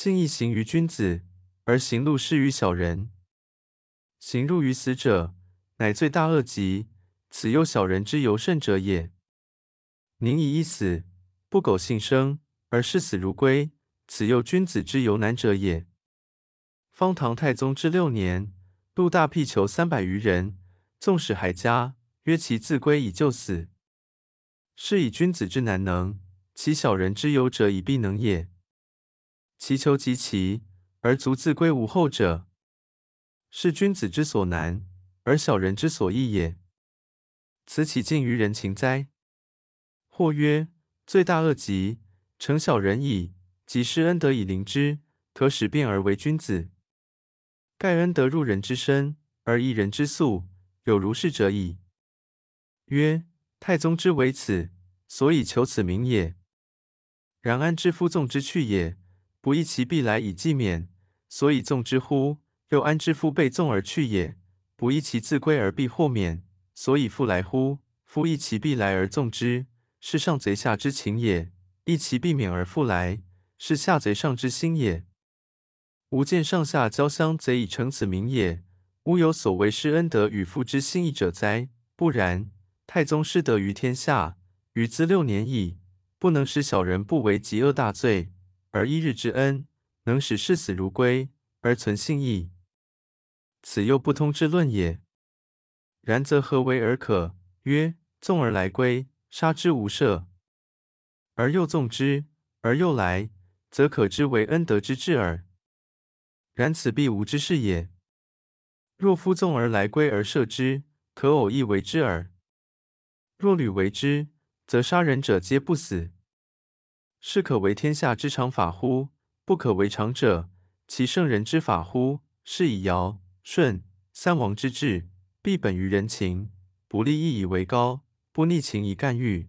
信義行於君子，而刑戮施於小人。刑入於死者，乃罪大惡極，此又小人之尤甚者也。寧以義死，不苟幸生，而視死如歸，此又君子之尤難者也。方唐太宗之六年，錄大辟囚三百餘人，縱使還家，約其自歸以就死。是以君子之難能，期小人之尤者，以必能也。其囚及期而卒自歸無後者，是君子之所難而小人之所易也。此豈近於人情哉？或曰：罪大惡極，誠小人矣。及施恩德以臨之，可使變而為君子。蓋恩德入人之深而移人之速，有如是者矣。曰：太宗之為此，所以求此名也。然安知夫縱之去也？不意其必來以冀免，所以縱之乎？又安知夫被縱而去也？不意其自歸而必獲免，所以復來乎？夫意其必來而縱之，是上賊下之情也；意其必免而復來，是下賊上之心也。吾見上下交相賊以成此名也。烏有所謂施恩德與夫知信義者哉？不然，太宗施德於天下，於茲六年矣，不能使小人不為極惡大罪。而一日之恩，能使視死如歸，而存信義，此又不通之論也。然則何為而可？曰：縱而來歸，殺之無赦；而又縱之，而又來，則可知為恩德之致耳。然此必無之事也。若夫縱而來歸而赦之，可偶一為之耳。若屢為之，則殺人者皆不死。是可為天下之常法乎？不可為常者，其聖人之法乎？是以堯、舜、三王之治，必本於人情，不立異以為高，不逆情以幹譽。